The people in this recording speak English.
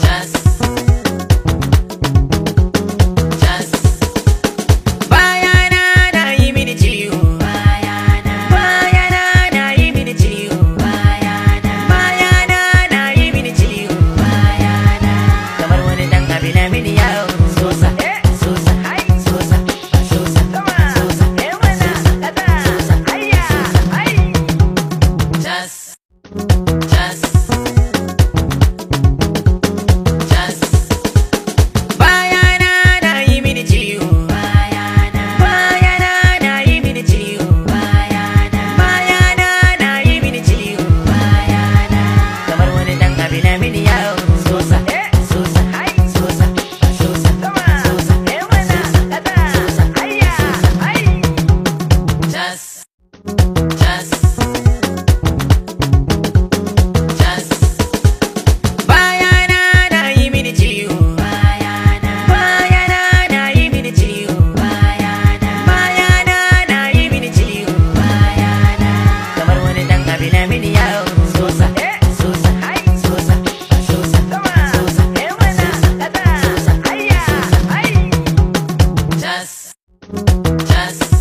Just Just